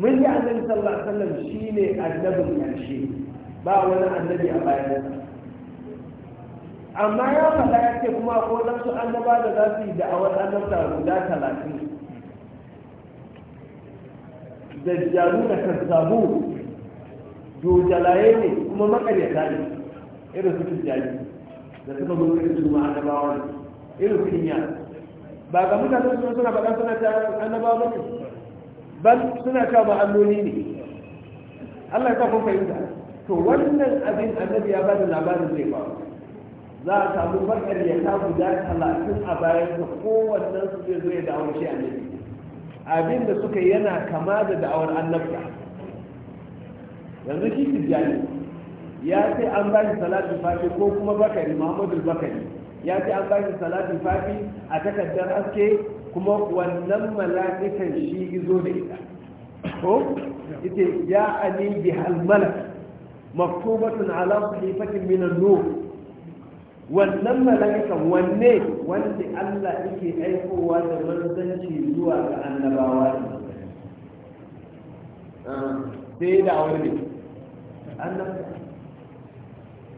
mun yi annabi sallallahu alaihi wasallam shine annabin karshe ba wani annabi a bayan amma ya faɗa ya ce kuma ko dan su annaba da za su yi da'awar annabta guda talatin da jaru da kazzabu dojalaye ne kuma makaryata ne irin su tijjani da suka zo irin su ma annabawa irin kunya ba ga mutane suna suna faɗa suna ta annabawa ba ne ban suna ta ba ne Allah ya kun fahimta to wannan abin annabi ya ba da labarin zai ba za a samu bakar ya ta guda talatin a bayan da kowannen su zai zo ya da'awar shi annabi abin da suka yana kama da da'awar annabta yanzu shi tijjani ya ce an ba shi salatu fati ko kuma bakari muhammadu bakari ya ce an bashi salatin fafi a takardar aske kuma wannan mala'ikan shi izo da ita ko ita ya ani bi halmalak maktubatun ala sahifatin min an-nur wannan mala'ikan wanne wanda Allah yake aikowa da manzanci zuwa ga annabawa ah, sai da wani annabta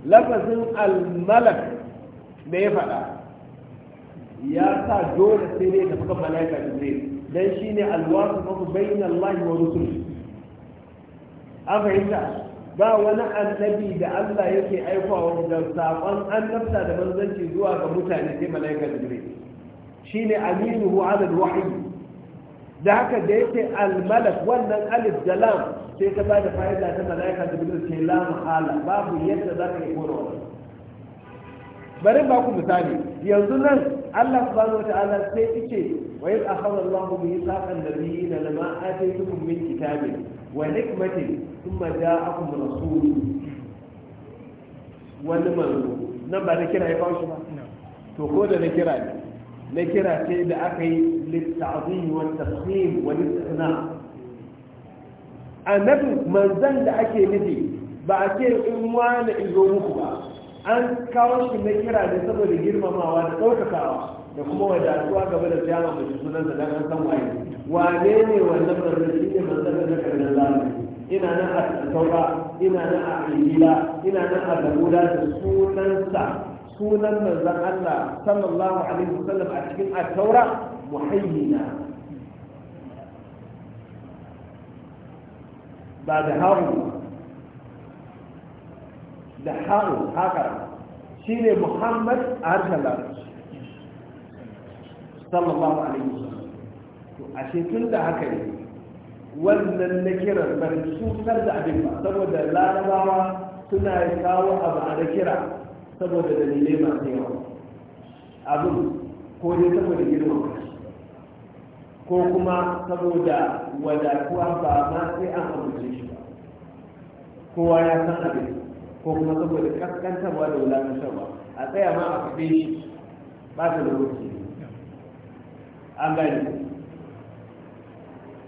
lafazin al-malak me ya faɗa ya sa dole sai ne tafi kan malaika jibril dan shine alwasifatu bayna Allah wa rusul an fahimta ba wani annabi da Allah yake aikawa da sakon annabta da manzanci zuwa ga mutane sai malaika jibril shine aminuhu ala alwahyi da haka da yake almalak wannan alif da lam sai ka ba da fa'ida ta malaika jibril ce la mahala babu yadda zaka yi kora wannan bari ba ku misali yanzu nan Allah subhanahu wa ta'ala sai yake wa yadda akhadha Allahu bi saqan nabiyina lama ataytukum min kitabin wa nikmatin thumma ja'akum rasul wani manzo nan ba na kira ya kawo shi ba to ko da na kira ne na kira sai da aka yi litta'zim wa tafhim wa listihna annabi manzan da ake nufi ba a ce in wani izo muku ba an kawo shi na kira ne saboda girmamawa da ɗaukakawa da kuma wadatuwa gaba da jama mai sunan da dan san waye wane ne wannan manzon shi ne manzon da karin zamani ina nan a taura ina nan a injila ina nan a zabura da sunansa sunan manzon Allah sallallahu alaihi wasallam a cikin at-taura muhayyina ba da haru da ha'u haka shi ne muhammad a harshen larabci sallallahu alaihi wasallam to ashe tun da haka ne wannan na kiran bari cutar da abin ba saboda larabawa suna kawo abu a na kira saboda dalilai masu yawa abin ko ne saboda girman kashi ko kuma saboda wadatuwa ba ma sai an amince shi ba kowa ya san abin ko kuma saboda kaskantarwa da ba a tsaya ma a kafe shi ba ta da wuce an gani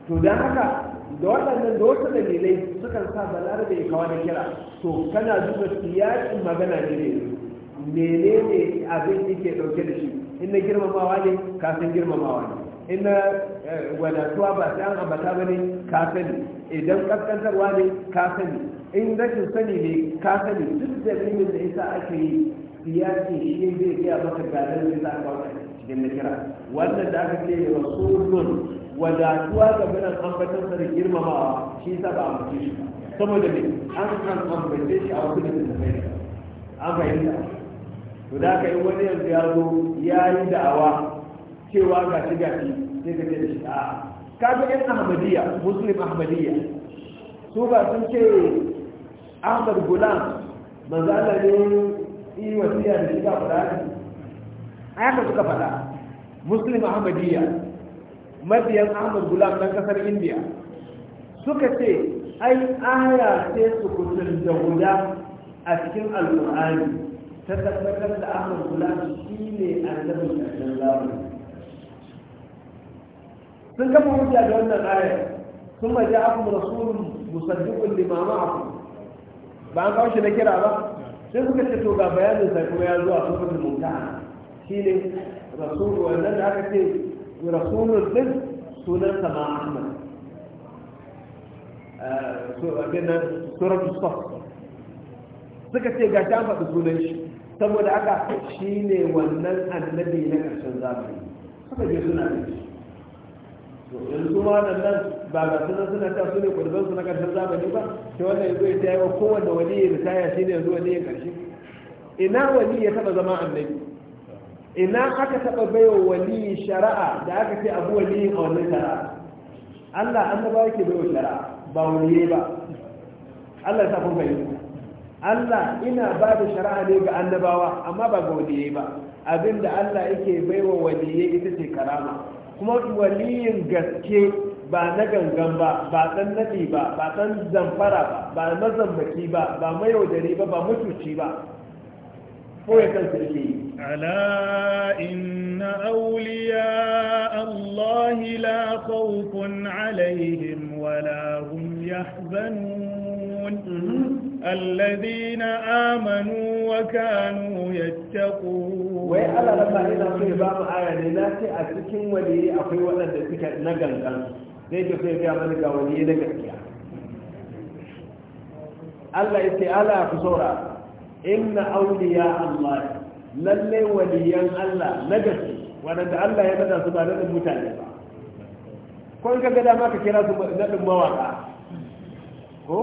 to don haka da waɗannan da wasu dalilai sukan sa balarabe ya kawo da kira to kana duba siyasin magana ne ne menene abin da ke ɗauke da shi in na girmamawa ne kafin girmamawa ne ina eh, wadatuwa ba sai an ambata ba ne ka sani idan kaskantarwa ne ka sani in rashin sani ne ka sani duk dalilin da isa ake yi siyasi shi zai iya maka gadar da za a kawo cikin na kira wannan da aka ce rasulun wadatuwa ga biran ambatar sa da girmamawa shi sa ba ambace shi saboda ne an kan ambace shi a wasu da ne an fahimta to da aka yi wani yanzu ya zo ya yi da'awa cewa ga shi ga shi sai ka ce shi a'a kaga yan ahmadiyya muslim ahmadiyya su ba sun ce ahmad gulam manzo Allah ne yi wasiya da shi ba fada ai suka fada muslim ahmadiyya mabiyan ahmad gulam dan kasar india suka ce ai aya ce su kusur da guda a cikin al'ur'ani ta tabbatar da ahmad gulam shi ne annabin ƙarshen zamani sun kafa hujja da wannan ayar sun ma ja akum rasulun musaddiqun lima ma'akum ba an kawo shi na kira ba sai suka ce to ga bayanin sai kuma ya zo a sufin muntaha shine rasulu wannan da aka ce rasulun din sunan sa ma ahmad suratul saf suka ce ga ta faɗi sunan shi saboda haka shine wannan annabi na ƙarshen zamani suka je suna da shi yanzu kuma wannan nan ba ga san suna tafi su ne kurban su na karshen zamani ba ta wannan yanzu ya tayawa kowanne wani ya ritaya shi ne yanzu wani ya karshe ina wani ya taba zama annabi ina aka taba baiwa wani shari'a da aka ce abu wani a wannan shari'a Allah annaba yake baiwa shari'a ba wani ba Allah ya sa kun fahimta Allah ina ba da shari'a ne ga annabawa amma ba ga waliye ba abinda Allah yake baiwa waliye ita ce karama kuma waliyin gaske ba na gangan ba ba ɗan naɗi ba ba ɗan zamfara ba ba mazambaki ba ba mayaudari ba ba mutuci ba ko ya kansu da ala inna awliya allahi la khawfun alaihim wala hum yahzanun mhm. الذين آمنوا وكانوا يتقون wai Allah rabba yana so ya ba mu aya ne na ce a cikin waliyi akwai waɗanda suka na gangan zai ke so ya ga mana ga waliyi na gaskiya Allah ya ce ala ku saura inna awliya Allah lalle waliyan Allah na gaske waɗanda Allah ya nada su ba da mutane ba ko in ka ga dama ka kira su naɗin mawaƙa ko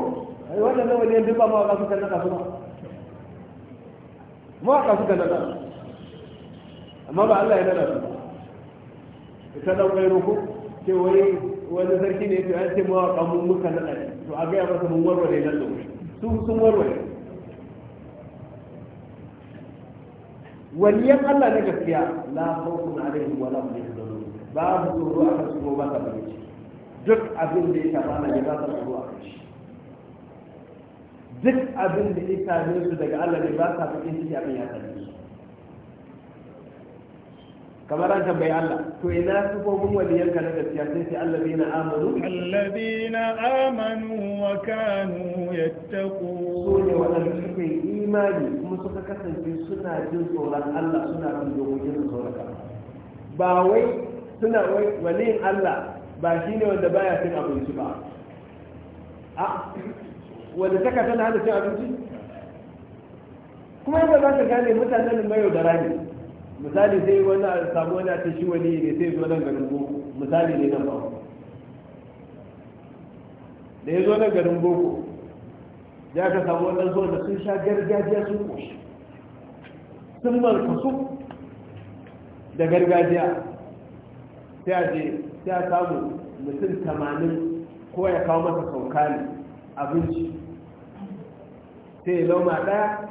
ai wannan na waliyan duk ba mawaka suka nada su ba mawaka suka nada amma ba Allah ya nada su ita dan kai ruku ce wai wani sarki ne to an ce mawaka mun muka nada to a ga masa mun warware nan da wuri sun sun warware waliyan Allah na gaskiya la khawfun alaihim wala hum yahzanun babu tsoro a kan su ba ta bari duk abin da ya shafa na ya ba ta tsoro a kan shi duk abin da ya same su daga Allah ne ba sa cikin shi abin ya same su kamar an tambayi Allah to ina wani yanka na gaskiya sai sai na amanu allazina amanu wa kanu yattaqu so ne wadanda suka yi imani kuma suka kasance suna jin tsoron Allah suna jin dokokin tsoron ba wai suna wai walin Allah ba shine wanda baya cin abinci ba a wanda ta kasa tana hada cin abinci kuma yadda za ka gane mutanen mai da ne misali sai wani a samu wani a ta shi wani ne sai zo nan garin boko misali ne nan ba. da ya zo nan garin boko ya ka samu wannan zuwa da sun sha gargajiya sun koshi sun markasu da gargajiya sai a je sai a samu mutum tamanin ko ya kawo masa sauka ne abinci sai ya lauma ɗaya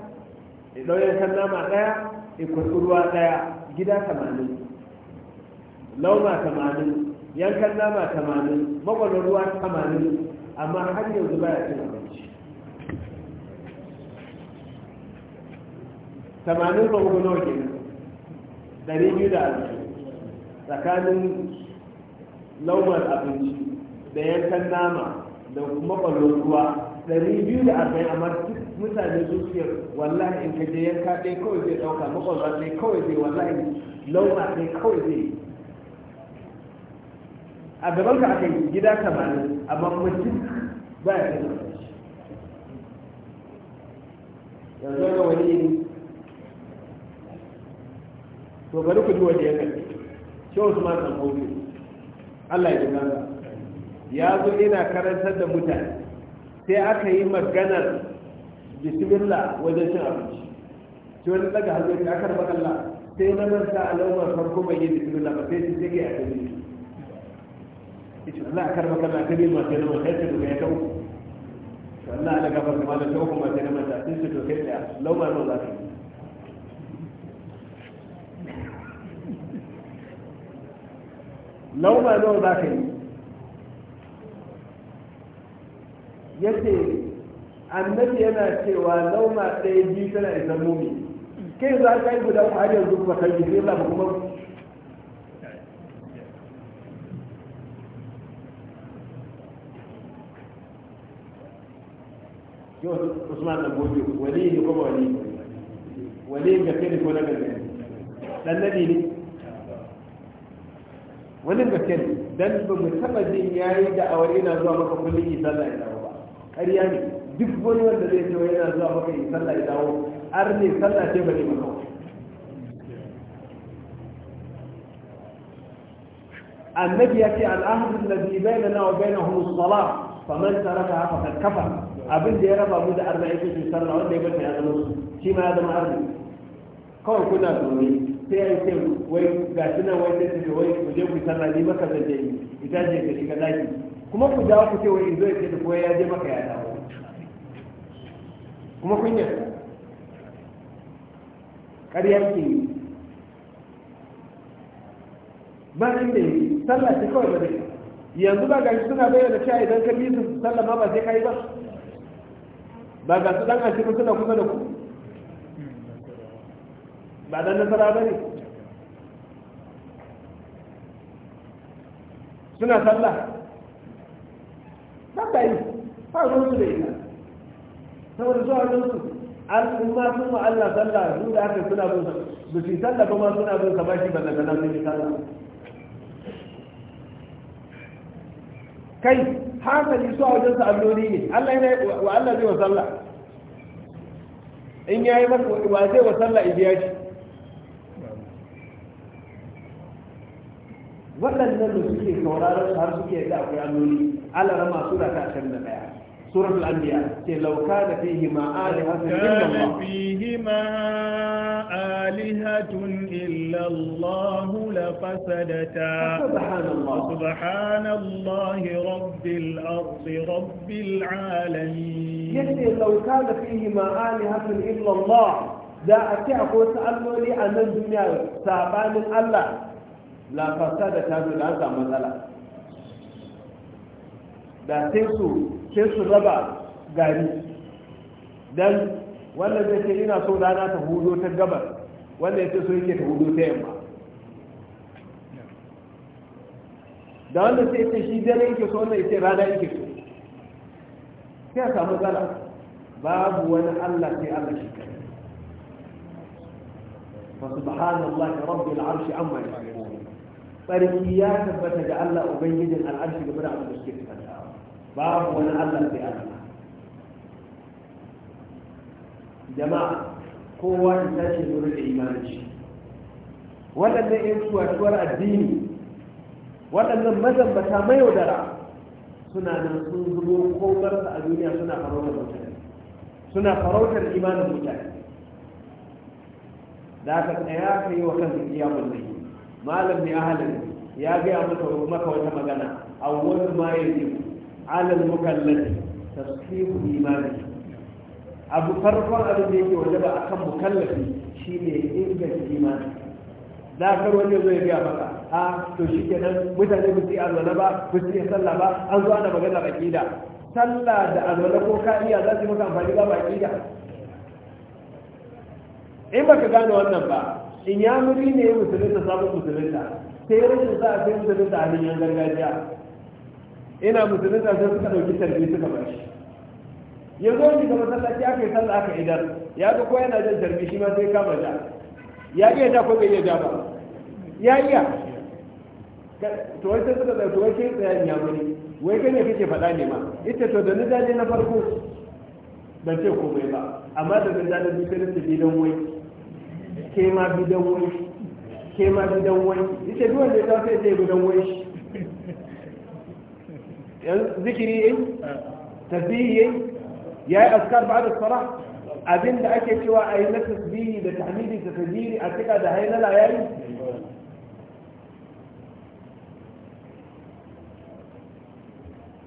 ya ɗau yankan nama ɗaya ya kurɓi ruwa ɗaya gida tamanin lauma tamanin yankan nama tamanin magwalar ruwa tamanin amma har yanzu ba ya cin abinci tamanin rungunar gina ɗari biyu da abinci tsakanin laumar abinci da yankan nama da magwalar ruwa ɗari biyu da arba'in amma duk mutane zuciyar wallahi in ka je yanka ɗaya kawai zai ɗauka makwalwa ɗaya kawai zai wallahi launa ɗaya kawai zai a gaban ka aka yi gida tamanin amma kuma ba ya kai yanzu ga wani yi to bari ku ji wani ya kai shi wasu ma san hauke Allah ya ji ya zo ina karantar da mutane sai aka yi maganar bismillah wajen cin abinci to wani daga hannu ya kar bakalla sai na manta alamar farko bai yi bismillah ba sai su sai ga yadda ne ita Allah kar bakalla ta bi ma sai na manta ta duka ya tau Allah ala gafar kuma da tau kuma sai na manta sai su to kai da lauma no za ka lauma no za ka yi yace annabi yana cewa lauma ɗaya biyu tana isa mumi kai za ka yi guda har yanzu kuma kan yi sai lamu kuma yau usman na gobe wani ne kuma wani wani ga kai ko na gaske dan nabi ne wani gaske ne dan ba mu taba jin yayi da awari na zuwa maka kullum isa da ina ba ƙarya ne duk wani wanda zai ce yana zuwa maka yi sallah ya dawo har ne sallah ce ba ne maka annabi ya ce al'ahadu alladhi na wa bainahum as-salah faman tarakaha haka kafa. abin da ya raba mu da arna cikin sallah wanda ya bata ya zama su shi ma ya zama arna kawai kuna zaune sai ya ce wai ga shi nan wai sai ce wai ku je ku sallah ni maka zan je ita je ka shiga daki kuma ku dawo ku ce wai in zo ya ce ko ya je maka ya dawo kuma kun yarda ƙarya ke yi ba inda yi sallah ce kawai ba dai yanzu ba ga suna da sha idan ka su sallah ma ba sai kai ba ba ga su dan ashirin suna kusa da ku ba dan nasara ba ne suna sallah ba ta yi ba ruwan su da ba. saboda zuwa wajen su al'umma sun wa Allah sallah su da aka suna bin sa da su sallah kuma suna bin sa bashi ba daga nan ne sallah kai hankali su a wajen sa alloli ne Allah yana wa Allah zai wa sallah in yayi masa wa zai wa sallah ya shi wannan da suke sauraron har suke da akwai alloli Allah rama da ta 21 سورة الأنبياء إيه، لو كان فيهما آلهة إلا الله كان فيهما آلهة إلا الله لفسدتا سبحان الله سبحان الله رب الأرض رب العالمين يعني لو كان فيهما آلهة إلا الله ذا أتعق وسألوا لي أن الدنيا سابان ألا لفسدتا من هذا مثلا da sai su sai su raba gari dan wanda zai ce ina so rana ta hudo ta gabar wannan ya ce so yake ta hudo ta yamma da wanda sai ce shi dare yake so wanda ya ce rana yake so sai a samu zala babu wani allah sai allah shi kai فسبحان الله رب العرش عما يشركون tsarki ya tabbata da Allah Ubangijin al'arshi game da abin da suke tsanta babu wani allah sai allah jama'a kowa da tashi lura da imanci waɗannan kuwa cuwatuwar addini waɗannan mazambata mayaudara suna nan sun zubo komarsa a duniya suna farautar mutane suna farautar imanin mutane da aka tsaya ka yi wa kan kiyamun nahi malam ne ahalin ya gaya maka maka wata magana a wani ma ya alal mukallafi tasfihu imani abu farkon abin da yake wajaba akan mukallafi shine inganta imani da kar wani zai ga maka ha, ah, to shi ke nan. mutane ba su yi alwala ba ba su yi sallah ba an zo ana magana aqida sallah da alwala ko ka iya za su yi maka amfani ba aqida in baka gane wannan ba in ya muri ne musulunta sabon musulunta sai rashin za a sai musulunta a hanyar gargajiya ina musulun sai suka ɗauki tarbi suka bar shi ya zo shi ga masallaci aka yi sallah aka idan ya ga ko yana jan tarbi shi ma sai kama ja ya iya ja ko bai iya ja ba ya iya to wai sai suka zai to wai kai ya ya muni wai kai ne kake faɗa ne ma ita to da ni daje na farko ban ce komai ba amma da ni daje duk da ta bidan wai ke ma bidan wai ke ma bidan wai ita duk wanda ta sai ta bidan wai ذكري ايه تسبيحي إيه؟ يا اذكار بعد الصلاه ادين ده اكي سوى اي نفس بي ده تحميدي تسجيري اتكا ده هينا لا يعني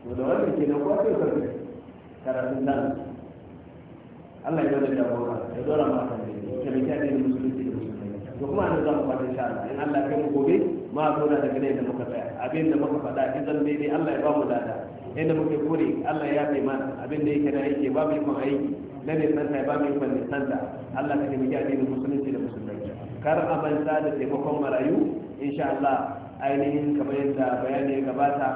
ودوالي كي نوكواتي وكذلك ترى بندان الله يدوني يا بورا يدور ما تنبيه كمي كان المسلمين المسلمين وكما نظام قد ان شاء الله ان الله كم قبيل ma zauna daga ne da muka tsaya abin da muka faɗa idan daidai Allah ya ba mu lada inda muke kure Allah ya bai mana abin da yake da yake ba mu ikon aiki na ne santa ya ba mu ikon nisanta Allah ka taimaki da musulunci da musulunci. kar a manta da taimakon marayu insha Allah ainihin kamar yadda bayani ya gabata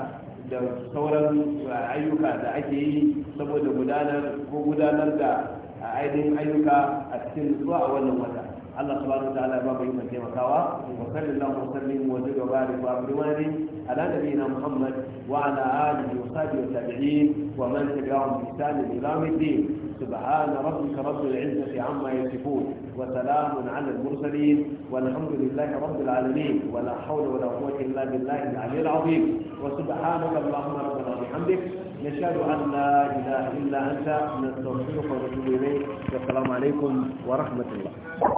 da sauran ayyuka da ake yi saboda gudanar ko gudanar da ainihin ayyuka a cikin zuwa a wannan wata الله سبحانه وتعالى باب يوم القيامة وصلي اللهم وسلم وزد وبارك وأكرمني على نبينا محمد وعلى آله وصحبه التابعين ومن تبعهم بإحسان إلى يوم الدين سبحان ربك رب العزة عما يصفون وسلام على المرسلين والحمد لله رب العالمين ولا حول ولا قوة إلا بالله العلي العظيم وسبحانك اللهم ربنا وبحمدك نشهد أن لا إله إلا أنت نستغفرك ونتوب إليك والسلام عليكم ورحمة الله